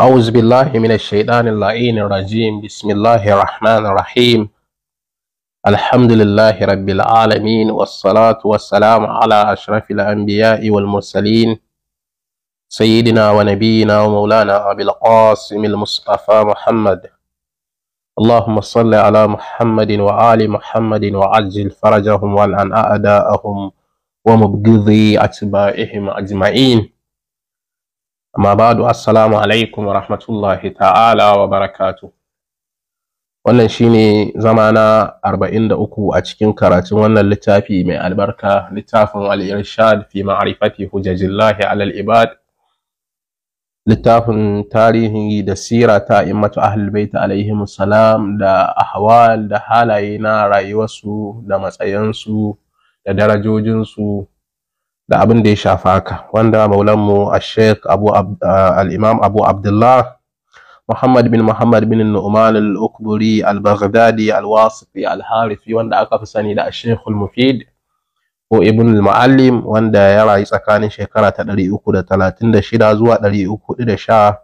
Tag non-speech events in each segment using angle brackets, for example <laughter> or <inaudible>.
أعوذ بالله من الشيطان اللعين الرجيم بسم الله الرحمن الرحيم الحمد لله رب العالمين والصلاة والسلام على أشرف الأنبياء والمرسلين سيدنا ونبينا ومولانا أبي القاسم المصطفى محمد اللهم صل على محمد وآل محمد وعجل فرجهم والأن أعداءهم ومبغضي أتباعهم أجمعين amma ba'du assalamu alaikum wa rahmatullahi ta'ala wa barakatu wannan shine zama na 43 a cikin karatun wannan littafi mai albarka littafin al-irshad fi ma'rifati hujajillahi alal ibad littafin tarihi da sira ta immatu ahlul bait alaihim salam da ahwal da halaye na rayuwarsu da matsayansu da darajojinsu da abin da ya shafa haka wanda maulanmu a sheikh abu al-imam abu abdullah Muhammad bin Muhammad bin Nu'man al-Ukburi al-Baghdadi al-Wasifi al-Harifi wanda aka fi sani da Sheikh al-Mufid ko Ibn al-Muallim wanda ya rayu tsakanin shekara ta 336 zuwa 313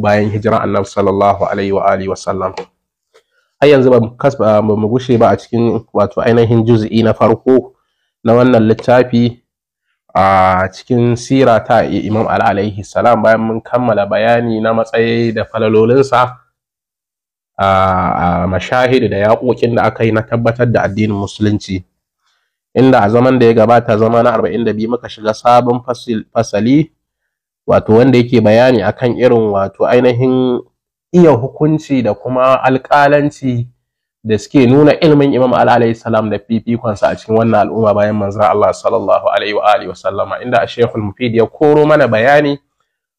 bayan hijira Annabi sallallahu alaihi wa alihi wasallam har yanzu ba mu gushe ba a cikin wato ainihin juz'i na farko na wannan littafi a cikin sira ta imam ali salam bayan mun kammala bayani na matsayi da falalolinsa a da yaƙoƙin da aka yi na tabbatar da addinin musulunci inda a zaman da ya gabata zama na 42 muka shiga sabon fasali wato wanda yake bayani akan irin wato ainihin iya hukunci da kuma alƙalanci da suke nuna ilimin Imam al'alai salam da fifikonsa a cikin wannan al'umma bayan manzara. Allah sallallahu alaihi wa alihi wasallama inda Sheikh Mufid ya koro mana bayani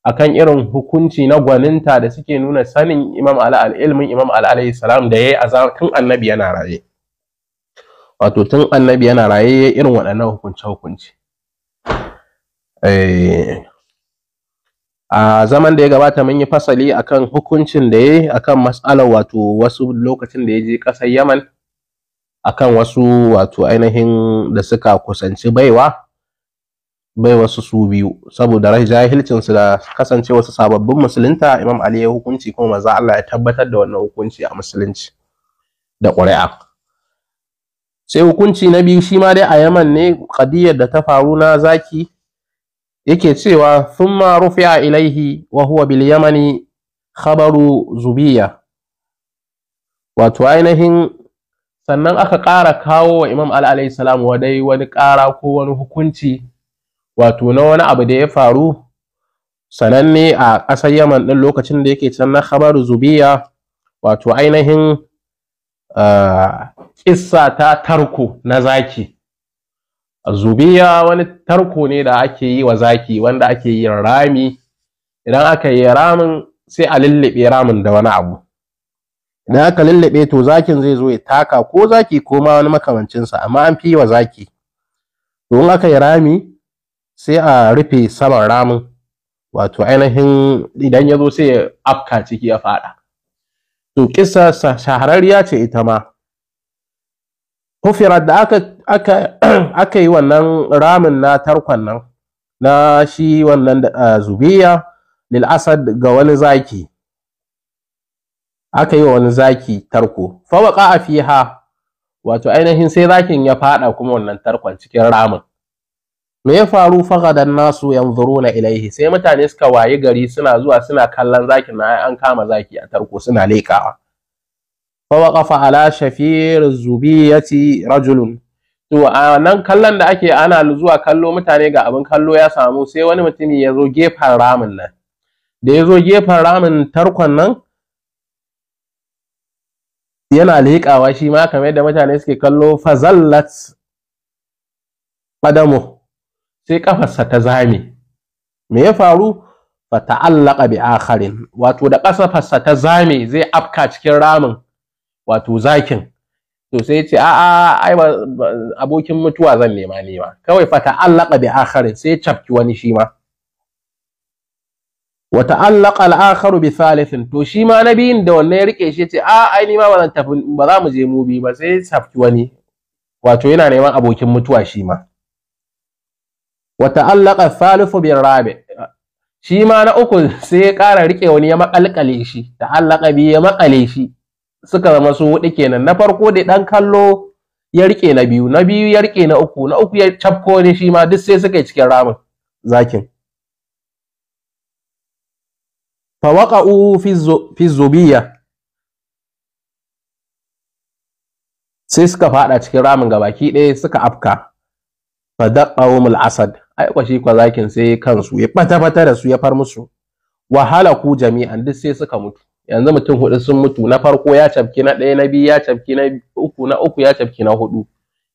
akan irin hukunci na gwaninta da suke nuna sanin Imam Ali ilimin Imam Ali salam da yayi a tun Annabi yana raye wato tun Annabi yana raye irin waɗannan hukunce hukunci eh a zaman da ya gabata mun yi fasali akan hukuncin da ya yi akan matsalar wato wasu lokacin da ya je ƙasar yaman akan wasu wato ainihin da suka kusanci baiwa bai wasu su biyu saboda jahilcin su da kasance wasu sababbin musulunta imam ali ya hukunci kuma maza Allah ya tabbatar da wannan hukunci a musulunci da ƙuri'a sai hukunci na biyu shi ma dai a yaman ne kadiyar da ta faru na zaki yake cewa rufi a ilaihi wa huwa bil yamani khabaru zubiya wato ainihin sannan aka ƙara kawo wa imam al'alai salam wadai wani ƙara ko wani hukunci wato na wani abu da ya faru sananne a ƙasar yaman ɗin lokacin da yake can na khabaru zubiya wato ainihin ah, ƙissa ta tarko na zaki zubiya wani tarko ne da ake yi wa zaki wanda ake yin rami idan aka yi ramin sai a lullube ramin da wani abu idan aka lullube to zakin zai zo ya taka ko zaki ko ma wani makamancinsa amma an fi wa zaki to in aka yi rami sai a rufe saman ramin wato ainihin idan ya zo sai ya afka ciki ya faɗa to kisa shahararriya ce ita ma hufirar da <clears throat> aka yi wannan ramin na tarkon nan na shi wannan zubiya lil asad ga wani zaki aka yi wani zaki tarko fa a fiha wato ainihin sai zakin ya fada kuma wannan tarkon cikin ramin me ya faru gadan nasu yanzuruna ilaihi sai mutane suka wayi gari suna zuwa suna kallon zakin na an kama zaki a tarko suna lekawa فوقف على شفير ci rajulun to a nan kallon da ake ana zuwa kallo mutane ga abin kallo ya samu sai wani mutumi ya zo gefen ramin nan da ya zo gefen ramin tarkon nan yana liƙawa shi ma kamar yadda mutane suke kallo fazallat ƙadamu sai ƙafarsa ta zame me ya faru fata'allaqa bi akharin wato da kafarsa ta zame zai afka cikin ramin wato zakin to sai ce a'a ai abokin mutuwa zan nema ne ma kawai fa ta'allaqa bi akharin sai ya wani shi ma wa ta'allaqa al-akharu bi thalithin to shi ma nabiyin da wannan ya rike shi ya ce a ai ni ma ba zan tafi ba za mu je mu bi ba sai ya wani wato yana neman abokin mutuwa shi ma wa ta'allaqa thalithu bi rabi shi ma na uku sai ya ƙara rike wani ya makalkale shi ta'allaqa bi ya makale shi suka zama su hudu kenan na farko dai dan kallo ya rike na biyu na biyu ya rike na uku na uku ya cafko ne shi ma duk sai suka yi cikin ramin zakin fawaqa'u fi zubiya sai suka fada cikin ramin gabaki ɗaya suka afka fadaqahum al-asad ai kwashi kwa zakin sai kansu ya fata fata da su ya far musu wa halaku jami'an duk sai suka mutu yanzu mutum hudu sun mutu na farko ya cafke na ɗaya na biyu ya cafke na uku na uku ya cafke na hudu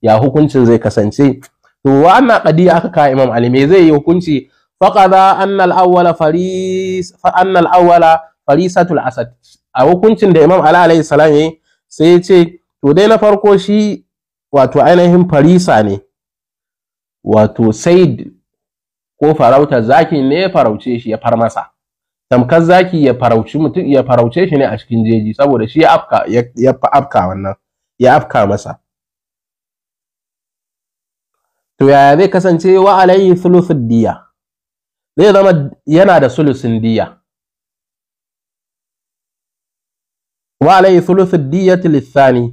ya hukuncin zai kasance to wannan qadiya aka kawo imam ali me zai yi hukunci faqada anna al-awwala faris fa anna al-awwala farisatul asad a hukuncin da imam ali alayhi salam yayi sai ya ce to dai na farko shi wato ainihin farisa ne wato said ko farauta zaki ne ya farauce shi ya far masa tamkar zaki ya farauci mutum ya farauce shi ne a cikin jeji saboda shi ya afka ya afka wannan ya afka masa to yaya zai kasance wa alayhi thuluthud diya zai zama yana da sulusin diya wa alayhi thuluthud diyati lithani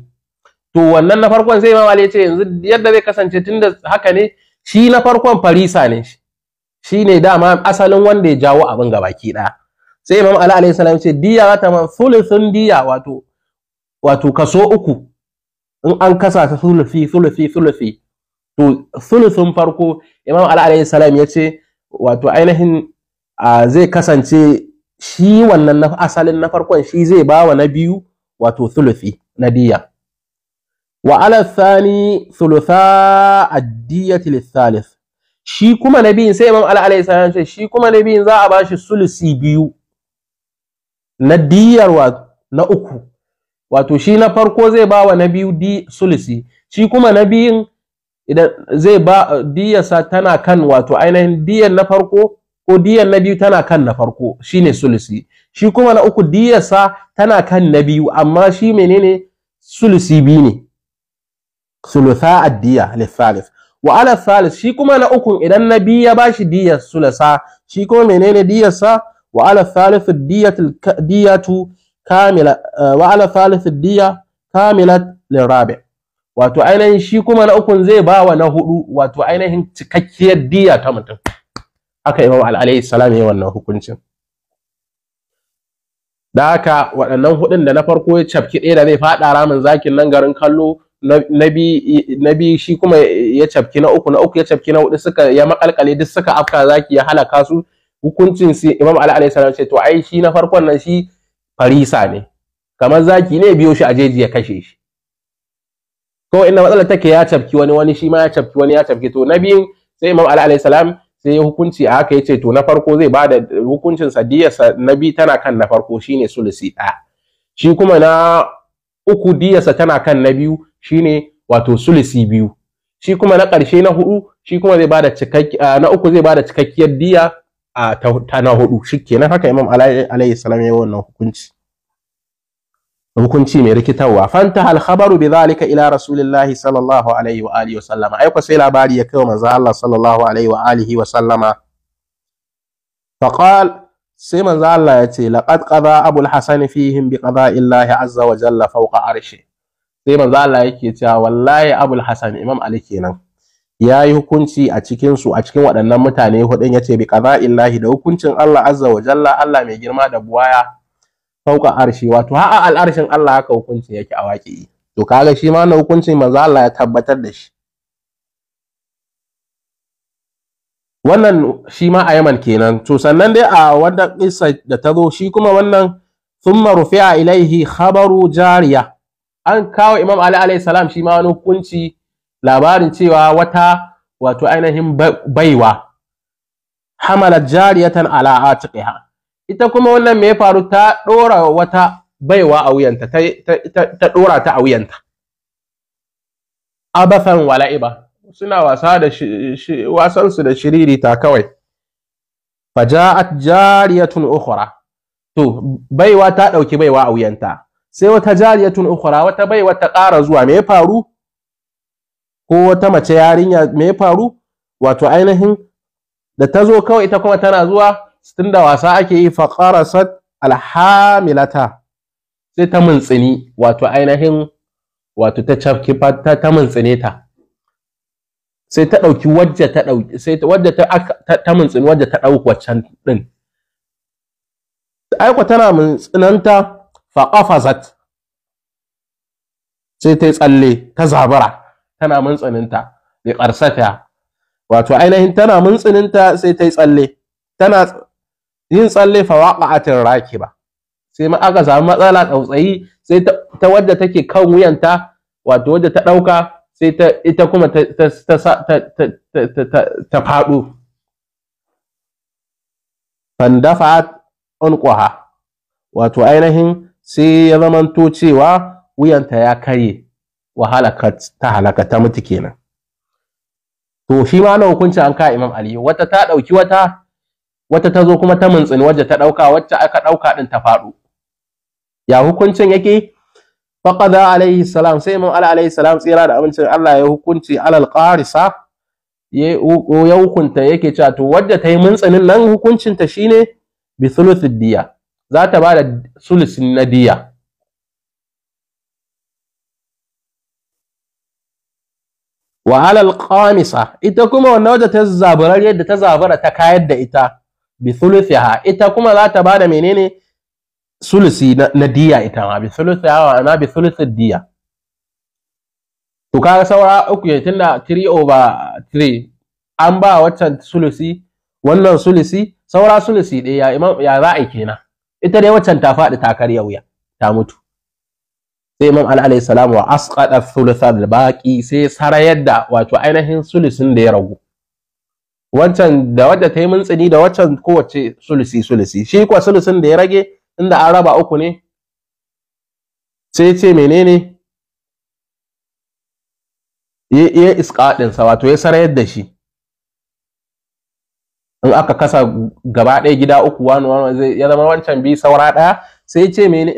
to wannan na farkon sai imam ali ya ce yanzu yadda zai kasance tunda haka ne shi na farkon farisa ne shi ne dama asalin wanda ya jawo abin gabaki ɗaya sai imam ali alaihi salam ce diya ta man sulusun diya wato wato kaso uku in an kasa ta sulufi sulufi sulufi to sulusun farko imam ali alaihi salam ya ce wato ainihin zai kasance shi wannan na asalin na farkon shi zai bawa na biyu wato sulufi na diya wa ala thani thulutha ad-diyati lith shi kuma nabiyin sai imam ali alaihi salam ce shi kuma nabiyin za a bashi sulusi biyu na diyar na uku wato shi na farko zai ba wa na biyu di sulisi shi kuma na biyun idan zai ba diyarsa tana kan wato ainihin diyar na farko ko diyar na biyu tana kan na farko shine sulisi shi kuma na uku diyarsa tana kan na biyu amma shi menene sulisi biyu ne sulutha addiya lithalith wa ala thalith shi kuma na ukun idan na biyu ya bashi diyar sulasa shi kuma menene diyarsa wa ala thalith diyatu diyatu kamila wa ala thalith diya wato ainihin shi kuma na ukun zai ba wa na hudu wato ainihin cikakkiyar diya ta mutum Aka imam alaihi salam ya wannan hukuncin da haka waɗannan hudun da na farko ya cafki ɗaya da zai faɗa ramin zakin nan garin kallo na biyu shi kuma ya cafki na uku na uku ya cafki na hudu suka ya makalkale duk suka afka zaki ya halaka su hukuncin sai Imam Ali alaihi salam ce to ai shi na farkon nan shi farisa ne kamar zaki ne biyo shi a jeji ya kashe shi ko inna matsalar take ya cafki wani wani shi ma ya cafki wani ya cafki to na biyun sai Imam Ali alaihi salam sai ya hukunci a haka yace to na farko zai bada hukuncin sadiyarsa na biyu tana kan na farko shine sulusi ɗaya shi kuma na uku diyarsa tana kan na biyu shine wato sulusi biyu shi kuma na ƙarshe na hudu shi kuma zai bada cikakki na uku zai bada cikakkiyar diya a tana na hudu shikenan haka imam alayhi salam ya wannan hukunci hukunci mai rikitarwa fanta hal khabaru bi zalika ila rasulillahi sallallahu alaihi wa alihi wa sallama ai sai labari ya kai manzo Allah sallallahu alaihi wa alihi wa sallama faqal sai manzo Allah ya ce laqad qada abul hasan fihim bi qada'illahi azza wa jalla fawqa arshi sai manzo Allah yake cewa wallahi abul hasan imam ali kenan ya yi hukunci a cikinsu a cikin waɗannan mutane hudun yace bi illahi da hukuncin Allah azza wa jalla Allah mai girma da buwaya fauka arshi wato ha'a al'arshin Allah haka hukuncin yake a waƙi to kaga shi ma na hukuncin manzo Allah ya tabbatar da shi wannan shi ma a Yaman kenan to sannan dai a wannan kissa da ta zo shi kuma wannan thumma a ilaihi khabaru jariya an kawo Imam Ali alaihi salam shi ma wani hukunci labarin cewa wata wato ainihin baiwa hamalat jariyatan ala atiqiha ita kuma wannan me ya faru ta dora wata baiwa a wuyanta ta ta dora ta a wuyanta abathan wala'iba suna wasa da wasan su da shiriri ta kawai faja'at jariyatun ukhra to baiwa ta dauki baiwa a wuyanta sai wata jariyatun ukhra wata baiwa ta ƙara zuwa me ya faru ko wata mace yarinya me ya faru wato ainihin da ta zo kawai ita kuma tana zuwa tunda wasa ake yi fa alhamilata sai ta mintsini wato ainihin wato ta cafki ta ta mintsine ta sai ta dauki wajja ta dauki sai ta wajja ta ta mintsini wajja ta dauki waccan din aiko tana mintsinanta fa sai ta tsalle ta zabara tana muntsininta da qarsata wato ainihin tana muntsininta sai ta yi tsalle tana yin tsalle fa waqa'atin rakiba sai ma aka samu matsala tsautsayi sai ta wadda take kan wuyanta wato wadda ta ɗauka sai ta ita kuma ta ta faɗo fandafa unquha wato ainihin sai ya zamanto cewa wuyanta ya karye wa halakat ta halaka ta mutu kenan to shi ma na hukuncin an ka imam Aliyu? wata ta ɗauki wata wata ta zo kuma ta mintsini wacce ta ɗauka, wacce aka ɗauka din ta faɗo ya hukuncin yake faqada alaihi salam sai imam ali alaihi salam tsira da amincin Allah ya hukunci alal qarisa ya hukunta yake cewa to wadda ta yi mintsinin nan hukuncinta shine bi thuluth diya za ta ba da sulusin na diya wa alal qamisa ita kuma wannan wadda ta zaburar yadda ta zabura ta kayar da ita bi thuluthiha ita kuma za ta bada menene sulusi na diya ita ma bi thuluthiha wa ana bi thuluthi diya to kaga saura uku ne tunda 3 over 3 an ba waccan sulusi wannan sulusi saura sulusi ɗaya ya za a kenan ita dai waccan ta faɗi ta karya wuya ta mutu sai imam ali alayhi salam wa asqada thuluth al baqi sai sarayar da wato ainihin sulusin da ya ragu wancan da wadda ta yi mintsini da wancan kowace sulusi sulusi shi kuwa sulusin da ya rage inda an raba uku ne sai ce menene ya iskaɗinsa wato ya sarayar da shi in aka kasa gaba ɗaya gida uku wani wani zai ya zama wancan bi saura ɗaya sai ce mene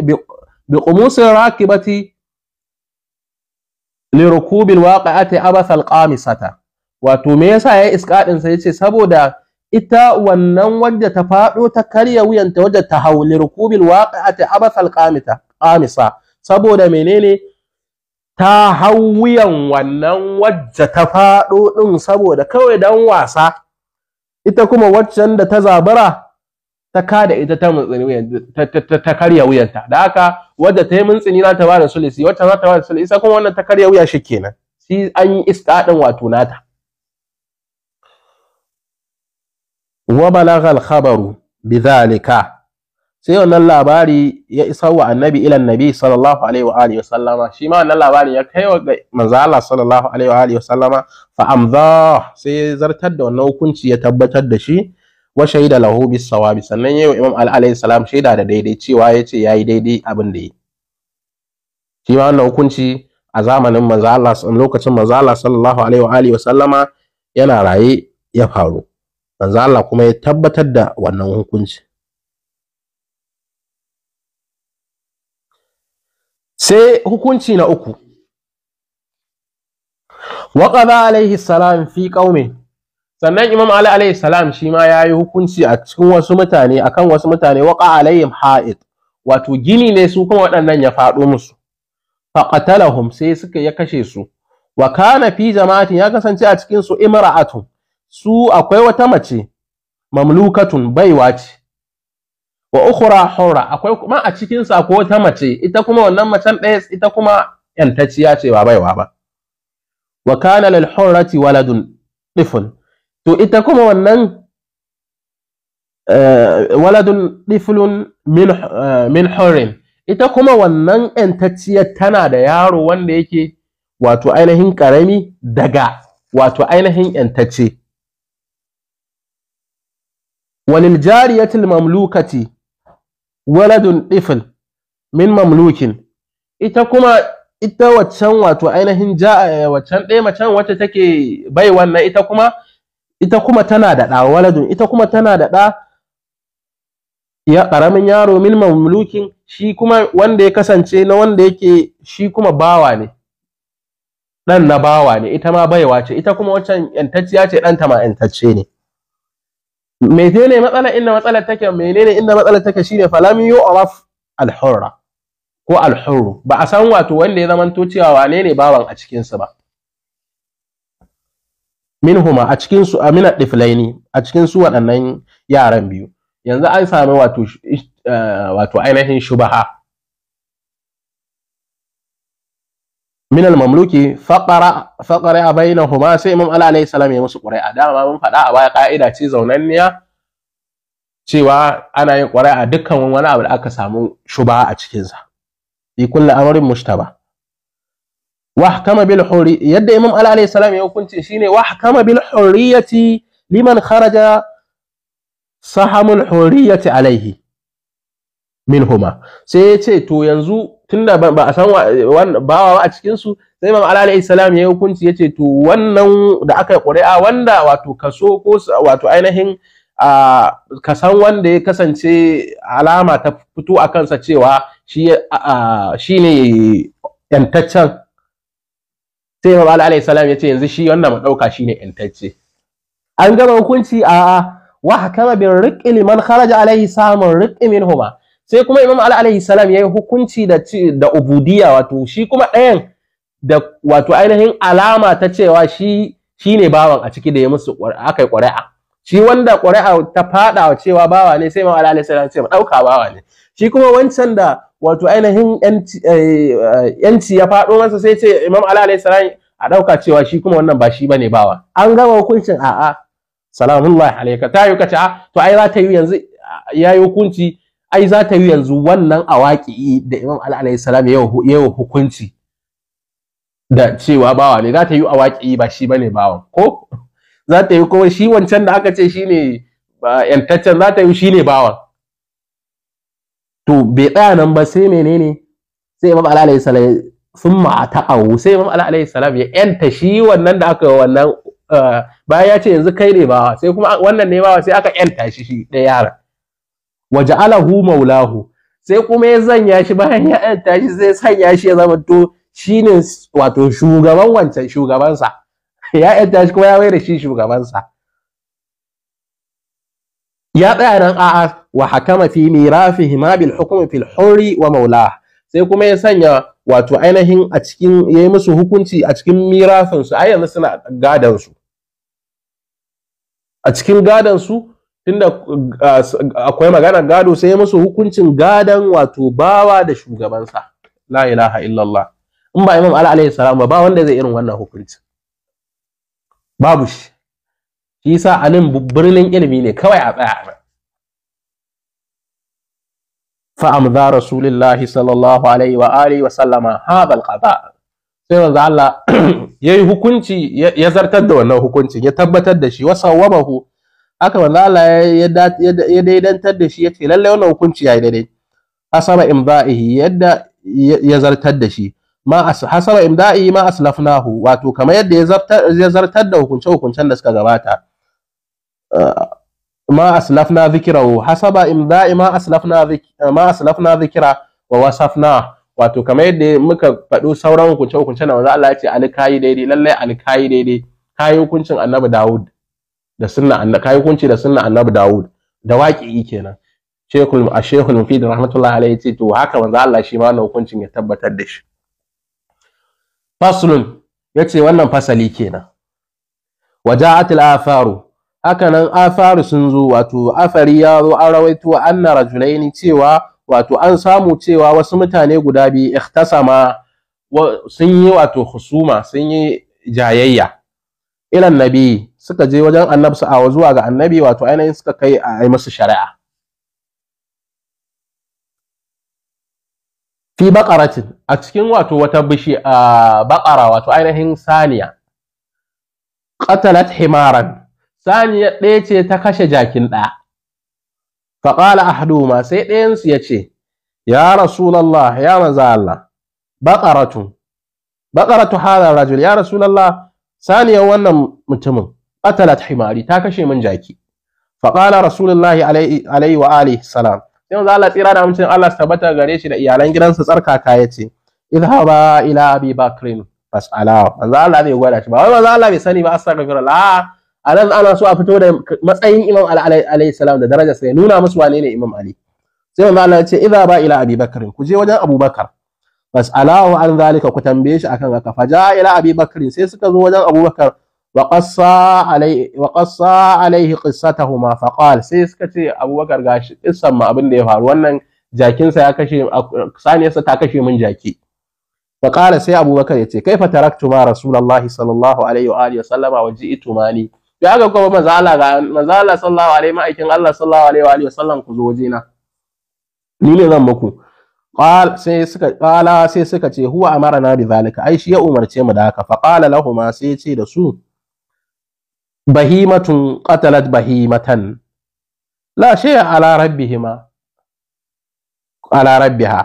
bi qumusin rakibati li rukubin waqi'ati abasal qamisata wato me yasa iska iskadin ya ce? saboda ita wannan wadda ta fado ta karya wuyanta wadda ta hau. rukubil waqi'ati abasal qamita qamisa saboda menene ta hau wuyan wannan wadda ta fado ɗin saboda kawai dan wasa ita kuma waccan da ta zabara ta kada ita ta karya wuyanta da haka wadda ta yi mintsini na ta bada sulisi wacce za ta ba bada sulisi sai kuma wannan ta karya wuya shi kenan sai an yi istidadin wato nata wa balagha al-khabaru bidhalika sai wannan labari ya isa wa annabi ila annabi sallallahu alaihi wa alihi wasallama shi ma wannan labari ya kai wa manzo Allah sallallahu alaihi wa alihi wasallama fa amza sai zartar da wannan hukunci ya tabbatar da shi wa shaida lahu bis sawabi sannan yayin imam ali alayhi salam shaida da daidai cewa yace yayi daidai abin da yi shi ma wannan hukunci a zamanin manzo Allah lokacin manzo Allah sallallahu alaihi wa alihi wa sallama yana raye ya faru manzo Allah kuma ya tabbatar da wannan hukunci sai hukunci na uku wa qada alaihi salam fi qaumi sannan imam ali alayhi salam shi ma yayi hukunci a cikin wasu mutane akan wasu mutane waqa alayhim ha'id wato gini ne su kuma waɗannan ya faɗo musu faqatalahum sai suka ya kashe su wa kana fi jama'atin ya kasance a cikin su imra'atun su akwai wata mace mamlukatun baiwa ce wa ukhra hurra akwai kuma a cikin sa akwai wata mace ita kuma wannan macen ɗaya ita kuma yantacciya ce ba baiwa ba wa kana lil hurrati waladun difun to ita kuma wannan eh, waladun ɗifilun eh, min horin ita kuma wannan ‘yantacciyar tana da yaro wanda yake wato ainihin ƙarami daga wato ainihin ‘yantacce walil jariyatil mamlukati waladun ɗifil min mamlukin ita kuma ita waccan wato ainihin ja eh, waccan ɗaya macen wacce take bai wannan ita kuma ita kuma tana da ɗa waladun ita kuma tana da ɗa ya ƙaramin yaro min mamlukin shi kuma wanda ya kasance na wanda yake shi kuma bawa ne ɗan na bawa ne ita ma baiwa ce ita kuma wancan yantacciya ce ɗanta ma yantacce ne menene matsala inda matsala take menene inda matsala take shine falam yu'raf al-hurra ko al-hurru ba a san wato wanda ya zamanto cewa wane ne bawan a cikin su ba minhuma a cikin su amina diflaini a cikin su waɗannan yaran biyu yanzu an sami wato eh, wato ainihin shubaha min al-mamluki faqara faqara bainahuma sai imam ala alayhi salam ya musu qur'a dama mun faɗa a baya ka'ida ce zaunanniya cewa ana yin ƙuri'a, dukkan wani abu da aka samu shubaha a cikin sa kulle kullu amrin mushtaba wahkama bil hurri yadda imam ali alayhi salam ya hukunce shine wahkama bil hurriyati liman kharaja sahamul hurriyati alaihi minhuma sai ya ce to yanzu tunda ba a san bawa a cikin su sai imam ali alayhi salam ya hukunci yace to wannan da aka ƙuri'a wanda wato kaso ko wato ainihin a kasan wanda ya kasance alama ta fito a kansa cewa shi ne yantaccen sai imam ali alayhi salam ya ce yanzu shi wannan mu dauka shine intacce an gama hukunci a wa hakama bin riqi liman kharaja alayhi samun riqi minhuma sai kuma imam ali alayhi salam yayi hukunci da da ubudiyya wato shi kuma ɗayan da wato ainihin alama ta cewa shi shine bawan a ciki da ya musu akai ƙuri'a shi wanda ƙuri'a ta fada cewa bawa ne sai imam ali alayhi salam ce mu dauka bawa ne shi kuma wancan da wato ainihin yanci eh, ya faɗo masa sai ce imam ala alayhi salam a ɗauka cewa shi kuma wannan ba shi bane bawa an gama hukuncin a'a salamullahi alayka ta yi kace to ai za ta yi yanzu ya yi hukunci ai za ta yi yanzu wannan awaki da imam ala alayhi salam ya hukunci da cewa bawa ne za ta yi awaki ba shi bane bawa ko za ta yi kuma shi wancan da aka ce shine yantaccen za ta yi shine bawan to bai tsaya nan ba sai menene sai imam ali alayhi salam sun awu sai imam ali alayhi salam ya yanta shi wannan da aka wannan eh, bayan ya ce yanzu kai ne bawa sai kuma wannan ne bawa sai aka yanta shi shi da yara, wa ja'alahu maulahu sai kuma ya zanya shi bayan ya yanta shi sai sanya shi ya zama to shine wato shugaban wancan shugabansa <laughs> ya yanta shi kuma ya mai da shi shugabansa ya tsaya nan a'a wa hakama fi ma bil hukmi fil hurri wa maula sai kuma ya sanya wato ainihin a cikin yayi musu hukunci a cikin mirafin su ai yanzu suna gadan su a cikin gadan su tunda akwai magana gado sai ya musu hukuncin gadan wato bawa da shugabansa la ilaha illallah in ba imam ala alayhi salam ba wanda zai irin wannan hukunci babu shi shi yasa a nan birnin ilimi ne kawai a tsaya fa amza rasulullahi sallallahu alaihi wa alihi wa sallama hadha alqada sai manzo Allah <clears throat> hukunci ya zartar da wannan hukuncin ya tabbatar da shi Allah ya daidantar da shi yace lalle wannan hukunci daidai imda'ihi yadda ya zartar da shi ma ma aslafnahu wato kamar yadda ya zartar da hukunce hukuncen da suka gabata ma aslafna zikirahu hasaba imda'i ma aslafna ma aslafna zikira wa wasafna wato kamar yadda muka faɗo sauran hukunce hukunce na wanda Allah ya ce alkayi daidai lallai alkayi daidai kayi hukuncin annabi Dawud da sunna annabi kayi hukunci da sunna annabi Dawud da waƙi kenan shekul a shekul mufid rahmatullahi alaihi ce to haka manzo Allah shi ma wannan hukuncin ya tabbatar da shi faslun yace wannan fasali kenan waja'atil afaru Hakanan afaru sun zo wato afari ya zo an rawaito anna rajulaini cewa wato an samu cewa wasu mutane guda biyu ikhtasama sun yi wato husuma sun yi jayayya ila nabi suka je wajen annabi sa'awa zuwa ga annabi wato ainihin suka kai a yi musu shari'a fi baqaratin a cikin wato wata bishi a baqara wato ainihin saniya qatalat himaran saniya ɗaya ce ta kashe jakin ɗaya faƙala ahaduhuma sai ɗayansu ya ce ya rasulallah ya manza Allah baƙaratu baƙaratu hada rajul ya rasulallah saniyar wannan mutumin qatalat himari ta kashe min jaki faƙala rasulullahi alaihi wa alihi salam sai manzo Allah tsira da amincin Allah su tabbata gare shi da iyalan gidansa tsarkaka ya ce ba ila abi bakrin fas'ala manzo Allah bai gwada shi ba wai manzo Allah bai sani ba astaghfirullah a nan ana so a fito da matsayin imam ali alayhi salam da darajar sa ya nuna musu wane ne imam ali sai manzo Allah ya ce idza ba ila abi bakr ku je wajen abubakar bas alahu an zalika ku tambaye shi akan haka faja ila abi bakr sai suka zo wajen abubakar wa qassa alayhi wa qassa alayhi qissatahuma fa qala sai suka ce abubakar gashi kissan ma abin da ya faru wannan jakinsa ya kashe saniyarsa ta kashe min jaki فقال سي أبو بكر يتي كيف تركتما sallallahu alaihi صلى الله عليه sallama وسلم وجئتما لي to haka kuma mazala ga mazala sallallahu alaihi ma'aikin Allah sallallahu alaihi wa alihi wasallam ku zo waje na ni ne zan muku qal sai suka qala sai suka ce huwa amarna bi zalika ai shi ya umarce mu da haka fa qala lahum sai ya ce da su bahimatun qatalat bahimatan la shay'a ala rabbihima ala rabbiha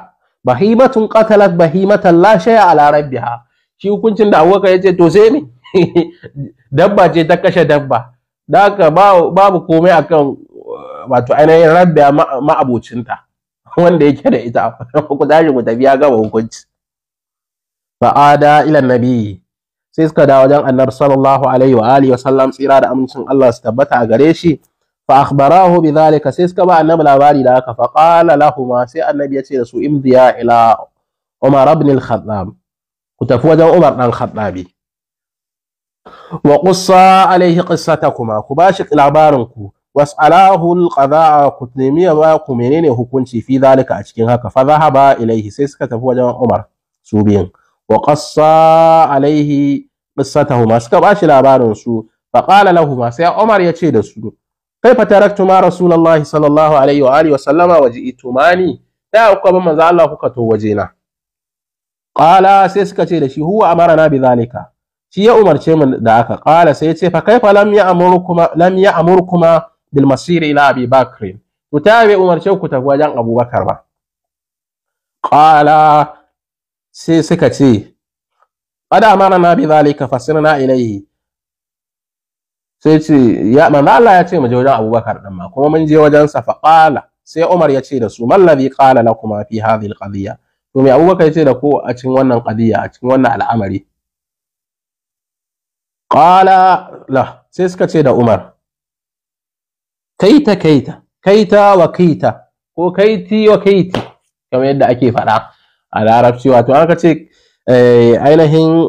bahimatun qatalat bahimatan la shay'a ala rabbiha shi hukuncin da Abubakar yace ce to sai ne <laughs> dabba ce ta kashe dabba da haka babu komai a kan wato ainihin rabbiya ma'abocinta <laughs> wanda yake da ita <laughs> ku tashi ku tafi ya gama hukunci fa'ada ilan nabi sai suka dawo wajen annabi sallallahu alaihi wa alihi wasallam tsira da amincin Allah su tabbata a gare shi fa akhbarahu zalika sai suka ba annabi labari da haka fa qala lahum sai annabi ya ce da su imdiya ila Umar ibn al ku tafi wajen Umar dan Khattabi wa ƙusa alaihi kuma ku bashi labarin ku was'alahu alqada'a ku nemi ya ba ku menene hukunci fi zalika a cikin haka fa zahaba ilaihi sai suka tafi wajen Umar su biyan wa qassa alaihi qissatahuma suka bashi labarin su fa qala sai Umar ya ce da su kaifa taraktuma rasulullahi sallallahu alaihi wa alihi wa sallama waji'tumani da kuka ba manzo Allah kuka to wajena qala sai suka ce da shi huwa amarana bi zalika shi ya umarce mu da aka qala sai ya ce fa kaifa lam ya'murukuma lam ya'murukuma bil masir ila abi bakr ku ta bai umarce ku tafi wajen abubakar ba qala sai suka ce qad na bi dhalika fasirna ilayhi sai ce ya manzo Allah ya ce mu je wajen abubakar din ma kuma mun je wajen sa fa qala sai Umar ya ce da su mallabi qala lakuma fi hadhihi alqadiyya to me abubakar ya ce da ko a cikin wannan qadiyya a cikin wannan al'amari Ƙala la sai suka ce da Umar, kaita kaita, kaita wa kaita, ko kaiti wa kaiti, kamar yadda ake faɗa a larabci wato ka ce eh, ainihin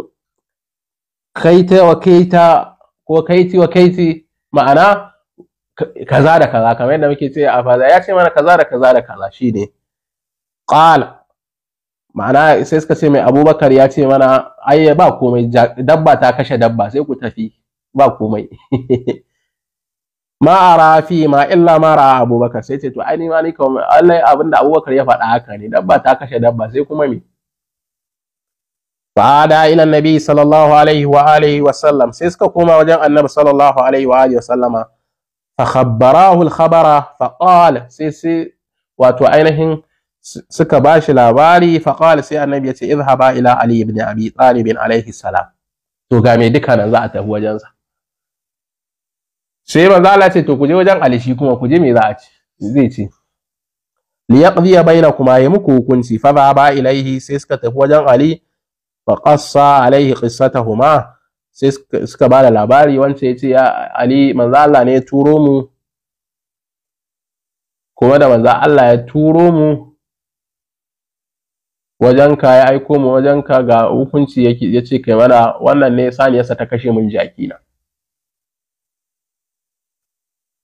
kaita wa kaita ko kaiti wa kaiti ma'ana kaza da kaza kamar yadda muke ce a faza ya ce mana kaza da kaza da kaza shi ne, ƙala. ma'ana sai suka ce mai abubakar ya ce mana ai ba komai dabba ta kashe dabba sai ku tafi ba komai <laughs> ma'ara fi ma illa mara abubakar sai ce to ai ma ni kawai allai abinda abubakar ya faɗa haka ne dabba ta kashe dabba sai kuma me fada ila nabi sallallahu alaihi wa alihi wa sallam sai suka koma wajen annabi sallallahu alaihi wa alihi wa sallama fa khabbarahu al khabara fa qala sai sai wato ainihin suka ba shi labari faƙali sai annabi ya ce izhaba ila ali ibn abi talib alaihi salam to ga mai duka nan za a tafi wajensa sai manzo Allah ce to ku je wajen ali shi kuma ku je me za a ci zai ce li yaqdi kuma ya muku hukunci fa ba ilaihi sai suka tafi wajen ali fa qassa alaihi qissatahuma sai suka ba da labari wanda ya ce ya ali manzo Allah ne ya turo mu kuma da manzo Allah ya turo mu ka ya aiko mu ka ga hukunci ya ce kai mana wannan ne saniyarsa ta kashe min jakina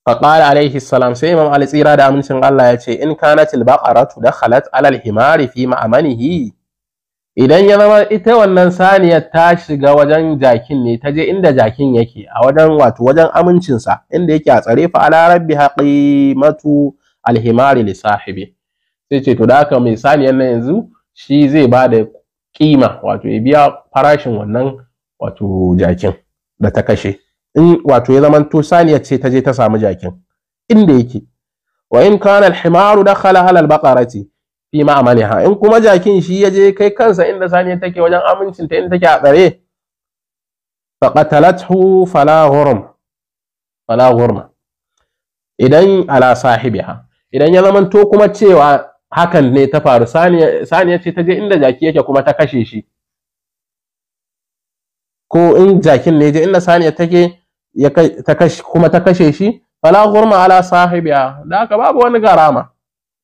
فقال عليه السلام sai امام tsira da amincin Allah ya ce in kana al baqaratu dakhalat ala al himari fi ma'amanihi idan ya zama ita wannan saniyar ta shiga wajen jakin ne ta je inda jakin yake a wajen wato wajen amincinsa inda yake a tsare fa ala rabbi haqimatu alhimari li sahibi sai ce to da mai saniyar nan yanzu shi zai ba da kima wato ya biya farashin wannan wato jakin da ta kashe in wato ya zamanto saniya ce ta je ta samu jakin inda yake wa in kana al-himaru dakhala halal baqarati fi ma'amaliha in kuma jakin shi ya je kai kansa inda saniya take wajen amincin ta take a tsare fa qatalathu fala ghurm fala ghurma idan ala sahibiha idan ya zamanto kuma cewa hakan ne ta faru saniya ce ta je inda jaki yake kuma ta kashe shi ko in jakin ne je inda saniya take kuma ta kashe shi fala gurma ala sahibiya da haka babu wani garama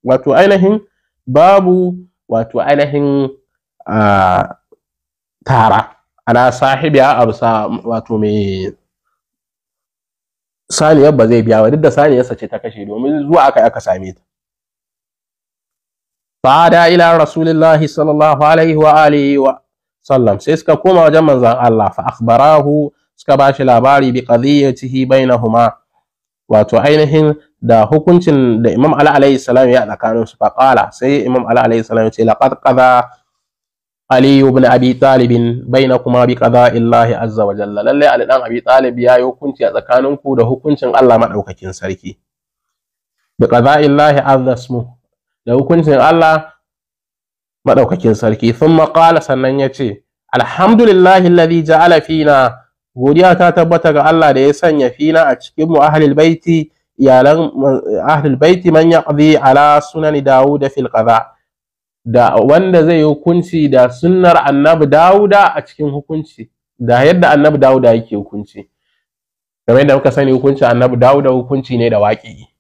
wato ainihin babu wato ainihin tara ala sahibiya a sa wato mai saniyar ba zai biya ba duk da saniyarsa ce ta kashe domin zuwa aka aka same ta fada ila rasulillahi sallallahu alaihi wa alihi wa sallam sai suka koma wajen manzon Allah fa akhbarahu suka ba shi labari bi qadiyatihi bainahuma wato ainihin da hukuncin da Imam Ali alaihi salam ya tsakanin su fa qala sai Imam Ali alaihi salam ya ce laqad qada Ali ibn Abi Talib bainakuma bi qada'illahi azza wa jalla lalle Ali dan Abi Talib ya yi hukunci a tsakaninku da hukuncin Allah madaukakin sarki bi qada'illahi azza da hukuncin Allah madaukakin sarki sun maƙala sannan ya ce alhamdulillahi alladhi ja'ala fina godiya ta tabbata ga Allah da ya sanya fina a cikin mu ahlul baiti iyalan ahlul baiti man yaqdi ala sunan Dawud fil qada da wanda zai yi hukunci da sunnar annabi Dawuda a cikin hukunci da yadda annabi Dawuda yake hukunci kamar yadda muka sani hukunci annabi Dawuda hukunci ne da waƙi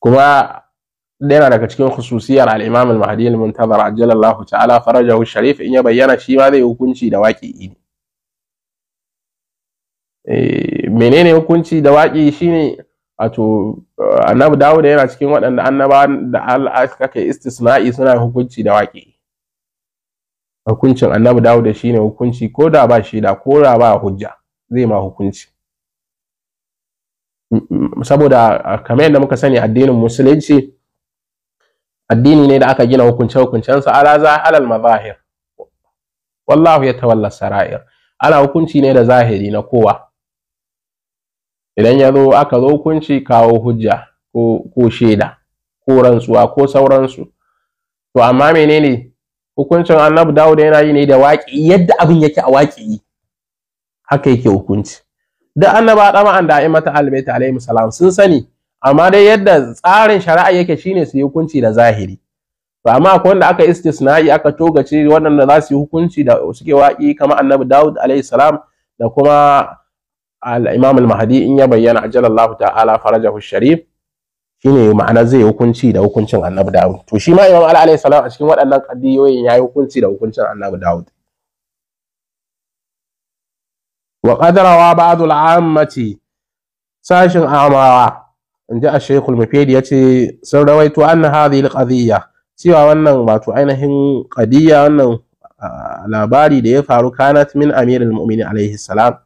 kuma yana daga cikin khususiyar al-Imam al-Mahdi al-Muntazir ajjalallahu ta'ala farajahu sharif in ya bayyana shi ma zai hukunci da waƙi eh, menene hukunci da waki shine wato eh, annabi Dawud yana cikin waɗanda annaba da al'aka kai istisna'i suna hukunci da waki hukuncin annabi Dawud shine hukunci ko da ba shi da ko da ba hujja zai ma hukunci saboda kamar yadda muka sani addinin musulunci addini ne da aka gina hukunce-hukuncensa ala za alal mazahir wallahu ya tawalla sara'ir ana hukunci ne da zahiri na kowa idan ya zo aka zo hukunci kawo hujja ko shaida ko rantsuwa ko sauransu to amma menene hukuncin annabi dawuda yana yi ne da waƙi yadda abin yake a waƙi haka yake hukunci duk annaba dama an da'i mata albaita alaihi salam sun sani amma dai yadda tsarin shari'a yake shine su yi hukunci da zahiri to amma akwai wanda aka istisna'i aka togace waɗanda za su yi hukunci da suke waƙi kamar annabi Dawud alaihi salam da kuma al-Imam al-Mahdi in ya bayyana ajalallahu ta'ala farajahu sharif shine ma'ana zai hukunci da hukuncin annabi Dawud to shi ma Imam Ali alaihi salam a cikin waɗannan kadiyoyin yayi hukunci da hukuncin annabi Dawud wa qadarawa ba'd al-ammati sashin amawa inji a shaykhul mufidi yace sun rawaito anna hadhihi cewa wannan wato ainihin qadiyya wannan labari da ya faru kanat min amirul mu'minin alaihi salam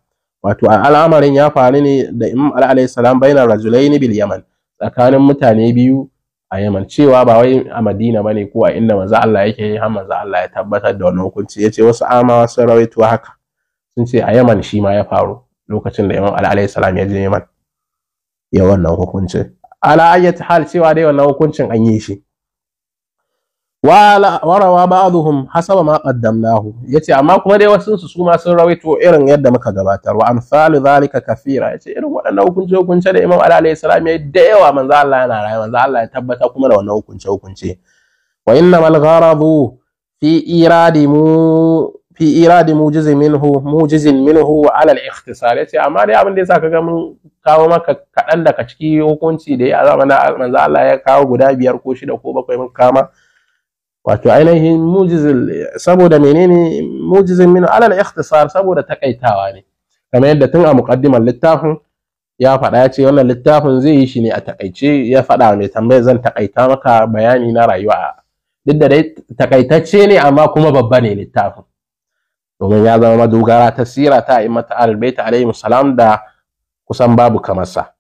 wato al'amarin ya faru ne da imam ali alaihi salam baina rajulaini bil yaman tsakanin mutane biyu a yaman cewa ba wai a madina ne, ko a inda manzo Allah yake har manzo Allah ya tabbatar da wani hukunci Ya ce wasu amawa sun rawaito haka sun ce a yaman shi ma ya faru lokacin da imam ali alayhi salam ya je yaman ya wannan hukuncin ala ayyati hal cewa dai wannan hukuncin an yi shi warawa ba'dhum hasaba ma Ya ce amma kuma dai wasu su suma sun rawaito irin yadda muka gabatar wa amsalu zalika Ya yace irin waɗannan hukunce hukunce da Imam Ali alayhi salam yi da yawa manzo Allah yana rayuwa manzo Allah ya tabbata kuma da wannan hukunce hukunce wa innamal gharadu fi iradi mu fi iradi mujizin minhu mujizin minhu wa alal ikhtisar yace amma dai abin da yasa kaga mun kawo maka kaɗan daga ciki hukunci da ya zama na manzo Allah ya kawo guda biyar ko shida ko bakwai mun kama wato ainihin mujizil saboda menene mujizin minhu alal ikhtisar saboda takaitawa ne kamar yadda tun a muqaddimar littafin ya faɗa ya ce wannan littafin zai yi shi ne a takaice ya faɗa mai tambaya zan takaita maka bayani na rayuwa duk da dai takaitacce ne amma kuma babba ne littafin domin ya zama madogara ta sira ta immata albaita alaihi salam da kusan babu kamarsa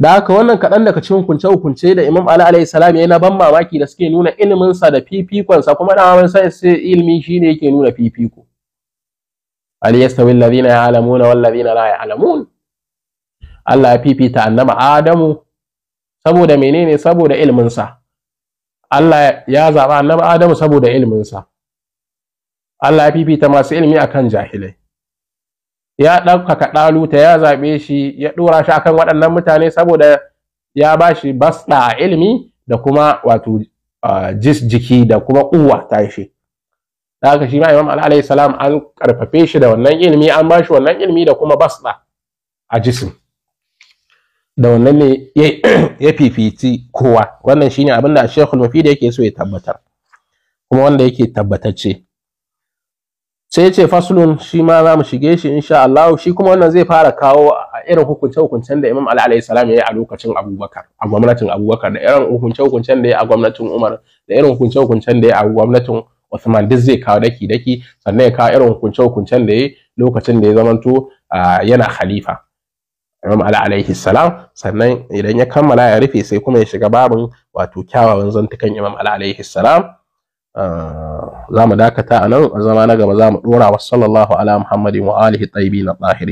da haka wannan kaɗan daga cikin kunce-kunce da imam ali alaihi salam yana ban mamaki da suke nuna sa da fifikonsa kuma da mamin sai sai ilimi shine yake nuna fifiko hal yastawi alladhina ya'lamuna wal ladhina la ya'lamun Allah ya fifita annabi Adamu saboda menene saboda ilminsa Allah ya zaba annabi Adamu saboda ilminsa Allah ya fifita masu ilimi akan jahilai ya ɗaukaka ɗaluta ya zaɓe shi ya ɗora shi akan waɗannan mutane saboda ya ba shi basɗa a ilimi da kuma wato jis jiki da kuma ƙuwa ta shi da shi ma imam alaihi salam an karfafe shi da wannan ilimi an ba shi wannan ilimi da kuma basɗa a jisim da wannan ne ya <clears throat> fifiti kowa wannan shine abin da shekul mafi da yake so ya tabbatar kuma wanda yake tabbatacce sai ya ce faslun shi ma za mu shige shi insha Allah shi kuma wannan zai fara kawo a irin hukunce hukuncen da Imam Ali alayhi salam ya yi a lokacin Abubakar a gwamnatin Abubakar da irin hukunce hukuncen da ya a gwamnatin Umar da irin hukunce hukuncen da ya a gwamnatin Uthman duk zai kawo daki daki sannan ya kawo irin hukunce hukuncen da ya lokacin da ya zamanto yana khalifa Imam Ali alayhi salam sannan idan ya kammala ya rufe sai kuma ya shiga babin wato kyawawan zantukan Imam Ali alayhi salam Ah, za mu dakata a nan a zama na gaba za mu ɗora wa sallallahu ala muhammadin wa alihi na tsahiri